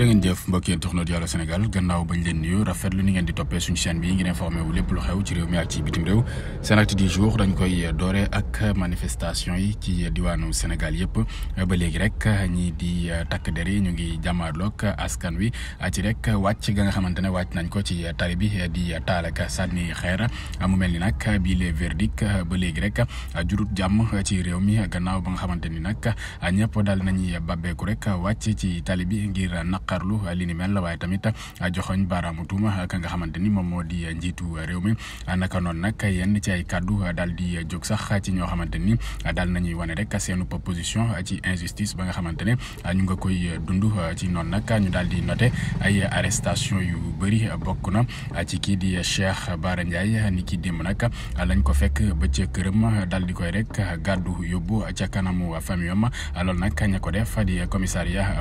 jërë ngeen jëf mbokki internet Allô Sénégal gannaaw bañ leen nuyu rafetlu ni ngeen di toppee suñu chaîne bi ngeen informé wu lépp lu xew ci réew mi ak ci bitim réew seen acte yëpp ba léegi rek ñii di takk der yi ñu ngi jàmmaarloog askan wi ci rek wàcc ga nga xamante ne wàcc nañ ko ci tali bi di taal ak sànni xeer mu mel ni nag bii les verdict ba léegi rek jurut jàmm ci réew mi gannaaw ba nga xamante ni nag ñëpp dal nañuy babbeeku rek wàcc naqarlu li ni mel waaye tamit joxoñ baaraamu tuuma ka nga xamante ni moom moo di njiitu réew mi naka noonu nag yenn ci ay kàddu daal di jóg sax ci ñoo xamante ni daal nañuy wane rek seenu proposition ci injustice ba nga xamante ne ñu nga koy dund ci noonu nag ñu daal di noté ay arrestation yu bëri bokk na ci kii di Cheikh Bara Ndiaye ni ki démb nag lañ ko fekk ba ca këram dal di koy rek gàddu yóbbu ca kanamu famille am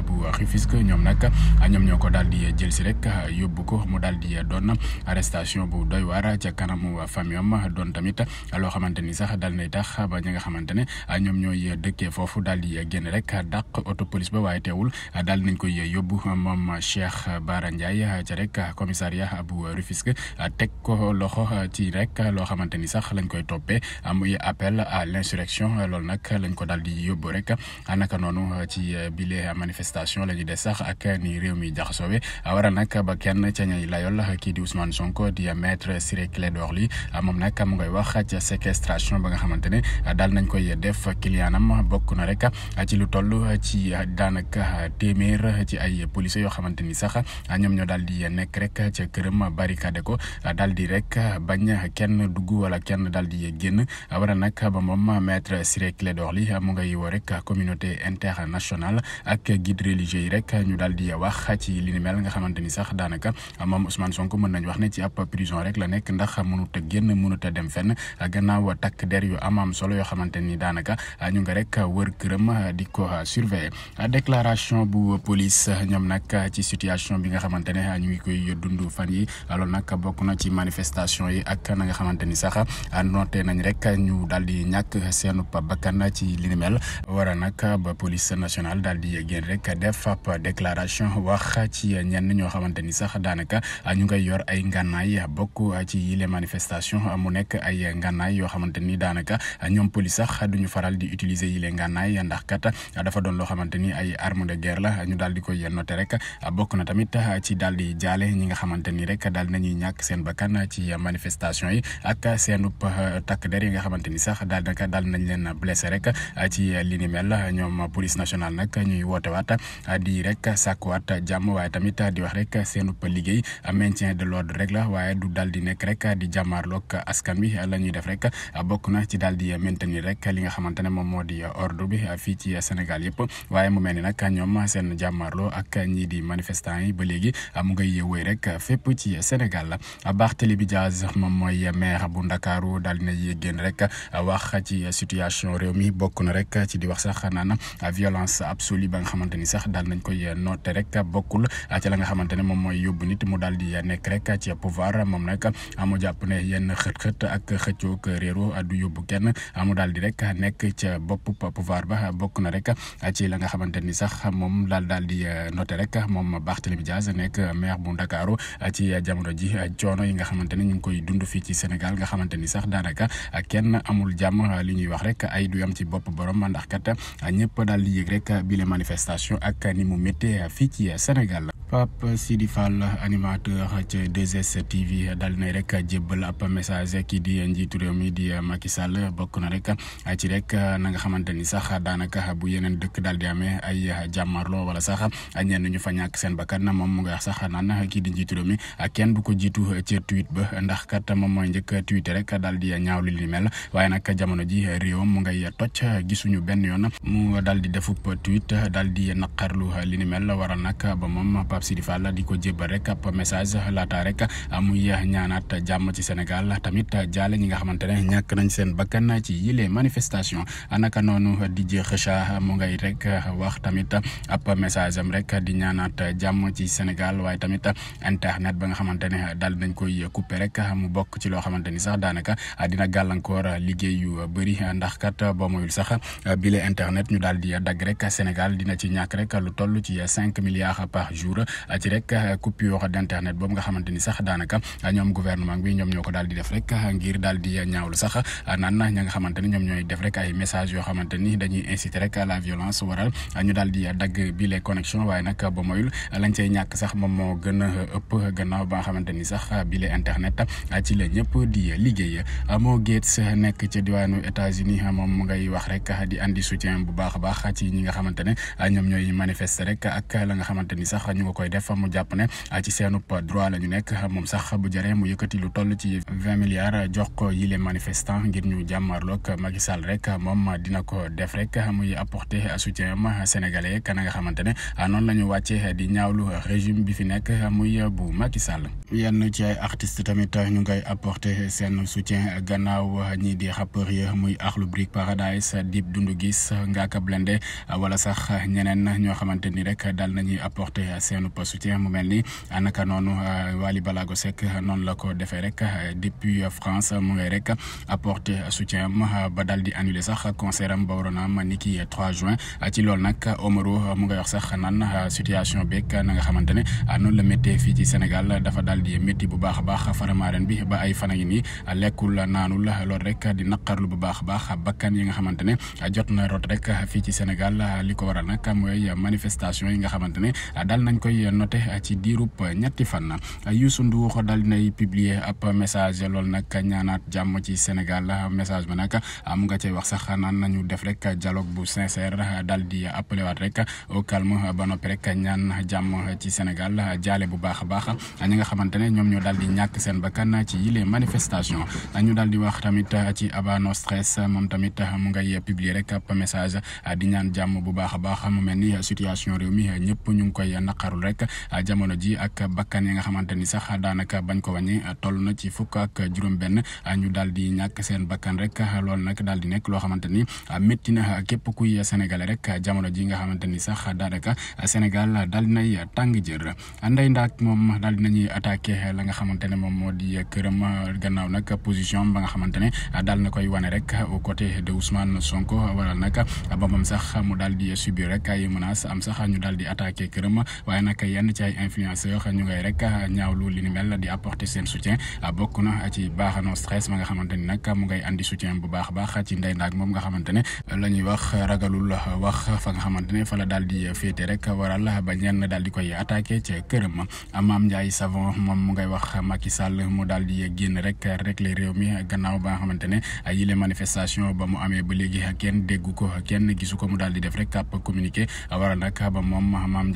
loolu nag rek ah, ñoom ñoo ko daal di jël si rek ah, yóbbu ko mu daal di doon arrestation bu doy waar ca kanamu famiyam doon tamit loo xamante ni sax daal nay tax ba ñi nga xamante ne ah, ñoom ñooy dëkkee foofu daal di génn rek dàq auto police ba waaye teewul daal nañ koy yóbbu moom Cheikh Bara Ndiaye ca rek commissariat bu Rufisque teg ko loxo ci rek loo xamante ni sax lañ koy toppee muy appel à l'insurrection loolu nag lañ ko daal di yóbbu rek naka noonu ci bile manifestation la ñu sax ak. ni réew mi jaxasowe waral nag ba kenn ca ñay layol kii di Ousmane Sonko di maître Ciré Clédor Ly moom nag mu ngay wax ca séquestration ba nga xamante ne daal nañ koy def kiliyaanam bokk na rek ci lu toll ci daanaka téeméer ci ay policiers yoo xamante ni a ñoom ñoo dal di nekk rek ca këram barricade ko dal di rek bañ kenn dugg wala kenn dal di génn waral nag ba moom maître Ciré Clédor Ly mu ngay woo rek communauté internationale ci wax ci li ni mel nga xamante ni sax daanaka moom Ousmane Sonko mën nañu wax ne ci ab prison rek la nekk ndax mënut a génn mënut a dem fenn gannaaw takk der yu am am solo yoo xamante ni daanaka ñu nga rek wër këram di ko surveiller déclaration bu police ñoom nag ci situation bi nga xamante ne ñu ngi koy dund fan yi loolu nag bokk na ci manifestation yi ak na xamante ni sax noté nañ rek ñu daal di ñàkk seenu bakkan ci li ni mel wara nag ba police nationale daal di génn rek def ab déclaration. Libération wax ci ñenn ñoo xamante ni sax daanaka ñu ngay yor ay ngànnaay bokk ci manifestation mu nekk ay ngànnaay yoo xamante ni daanaka ñoom police sax duñu faral di utiliser yile ngànnaay ndax kat dafa doon loo xamante ni ay arme de guerre la ñu daal di koy noté rek bokk na tamit ci daal di jaale ñi nga xamante ni rek daal nañuy ñàkk seen bakkan ci manifestation yi ak seen takk der yi nga xamante ni sax daal naka nañ leen blessé rek ci li ni mel ñoom police nationale nag ñuy wootewaat di rek sàkku sàkkuwaat jàmm waaye tamit di wax rek seenub liggéey maintien de l'ordre rek la waaye du daal di nekk rek di jàmmaarloog askan wi la ñuy def rek bokk na ci daal di maintenir rek li nga xamante ne moom moo di ordre bi fii ci Sénégal yëpp waaye mu mel ni nag ñoom seen jàmmaarloo ak ñii di manifestants yi ba léegi mu ngay wëy rek fépp ci Sénégal la Barthélémy Dias moom mooy maire bu Ndakaaru daal di na génn rek wax ci situation réew mi bokk na rek ci di wax sax naan violence absolue ba nga xamante sax daal nañ koy noter rek bokkul ci la nga xamante ne moom mooy yóbbu nit mu daal di nekk rek ci pouvoir moom nag amu jàpp nekk ca ba bokk na rek ci la nga xamante ni sax moom daal daal di euh, noté rek moom Barthélémy Diaz nekk maire bu Ndakaaru ci jamono ji coono yi nga xamante ne ñu ngi koy dund fii ci Sénégal nga xamante ni sax daanaka kenn amul jàmm li ñuy wax rek ay du am ci bopp borom ndax kat ñëpp daal di yëg rek bile manifestation ak ni mu méttee fii fii ci Sénégal. Pape Sidi Fall animateur ca 2S TV daal di nay rek jébbal ab message kii di njiitu réew mi di Macky bokk na rek ci rek na nga xamante ni sax daanaka bu yeneen dëkk daal di amee ay jàmmarloo wala sax ñenn ñu fa ñàkk seen bakkan moom mu nga sax naan kii di njiitu réew mi kenn bu ko jiitu ca tweet ba ndax kat moom mooy njëkk tweet rek daal di ñaaw li mel waaye nag jamono ji réewam mu ngay toj gisuñu benn yoon mu daal di defub tweet daal di naqarlu li ni waral nag ba moom. Pape Sidi Fall di ko jébbal rek ab message laata rek muy ñaanaat jàmm ci Sénégal tamit jaale ñi nga xamante ne ñàkk nañ seen bakkan ci yile manifestation anaka noonu di jeexacha mu ngay rek wax tamit ab message am rek di ñaanaat jàmm ci Sénégal waaye tamit internet ba nga xamante ne daal nañ koy couper rek mu bokk ci loo xamante ni sax daanaka dina gàllankoor liggéey yu bëri ndax kat boo moyul sax bile internet ñu daal di dagg rek Sénégal dina ci ñàkk rek lu ci rek eh, coupure d' internet boobu nga xamante ni sax daanaka eh, ñoom gouvernement bi ñoom ñoo ko daal di def rek eh, ngir daal a ñaawlu sax naan ña nga xamante ni ñoom ñooy def rek ay message yoo xamante dañuy inciter rek la a ëpp gannaaw la ñëpp di liggéey moo Gates nekk ci diwaanu États-Unis moom ngay wax rek di andi soutien bu baax a baax ci ñi nga xamante a ñoom ñooy manifester rek ak la nga xamante ni sax ñu koy def mu jàpp ne ah, ci seenub droit la nekk moom sax bu jëree mu yëkkati lu toll ci vingt milliards jox ko yile manifestant ngir ñu jàmmarloog Macky Sall rek moom dina ko def rek muy apporter soutien am sénégalais kana nga xamante ne ah, noonu la di ñaawlu régime bi fi nekk muy bu Macky Sall. yenn ci ay artistes tamit ñu ngay apporter seen soutien gannaaw ñii di rappeur yi muy Akhlou Brick Paradise Dip Doundou Guiss Ngaaka Blindé wala sax ñeneen ñoo xamante ni rek dal wàllub soutien mu mel ni naka noonu euh, Wally Balago Seck noonu la ko defee rek depuis France mu ngay rek apporter soutien am ba dal di annuler sax concert am ba waroon am ni ki 3 juin ci loolu nag Omaro mu nga wax sax nan situation beeg nanga nga xamante ne noonu la méttee fii ci Sénégal dafa dal di métti bu baax a baax faramaaren bi ba ay fan yi ngi nii lekkul naanul loolu rek di naqarlu bu baax a baax bakkan yi nga xamante ne jot na rot rek fii ci Sénégal li ko waral nag mooy manifestation yi nga xamante ne koy noté ci diirub ñetti fan Youssou Ndour daal dinay publier ab message loolu nag ñaanaat jàmm ci Sénégal message bi nag mu nga cay wax sax naan nañu def rek dialogue bu sincère daal di appelé waat rek au ba nopp rek ñaan jàmm ci Sénégal jaale bu baax a baax ñi nga xamante ne ñoom ñoo daal di ñàkk seen bakkan ci yile manifestation ñu daal di wax tamit ci abano No Stress moom tamit mu ngay publier rek ab message di ñaan jàmm bu baax a baax mu mel rek ah, jamono ji ak bakkan yi nga xamante ni sax daanaka bañ ko wàññi ah, toll na ci fukk ak juróom-benn ah, ñu daal di ñàkk seen bakkan rek loolu nag daal di nekk loo xamante ni métti na képp kuy sénégalais rek jamono ji nga xamante ni sax daanaka Sénégal daal di nay tàng jër Ndeye Ndack moom daal di nañuy attaqué la nga xamante ne moom moo di këram gannaaw nag position ba nga xamante ne daal na koy wane rek au côté de Ousmane Sonko wala nag ba moom sax mu daal di subir rek ay menaces am sax ñu daal di attaqué këram waaye nag yenn ci ay influenceurs ñu ngay rek ñaawlu li ni mel di apporter seen soutien bokk na ci baaxanoo stress ma nga xamante ni a baax ci ndey ndaag moom nga xamante ne la ñuy wax ragalul wax fa nga xamante fa la daal di féete rek waral ba ñenn daal di koy attaqué ca këram Mame Ndiaye Savon moom mu ngay wax Macky Sall mu daal di génn rek rek les réew mi gannaaw ba nga xamante ne yile manifestation ba mu amee ba léegi kenn déggu ko kenn gisu ko mu daal di def rek ab communiqué waral a ba moom Mame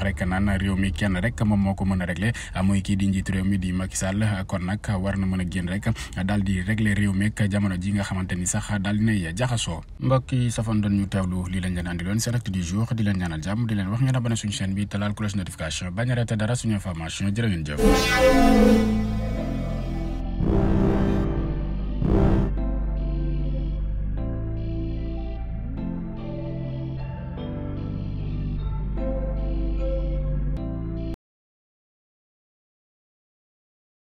wax rek naan réew mi kenn rek moom moo ko mën a régler muy kii di njiitu réew mi di Macky Sall kon nag war na mën a génn rek daal di régler réew mi ak jamono ji nga xamante ni sax daal di nay jaxasoo mbokk yi safoon doon ñu teewlu lii lañ leen andiloon seen acte du jour di leen ñaanal jàmm di leen wax ngeen abonné suñu chaîne bi te laal cloche notification bañ a dara suñu information jërë ngeen jëf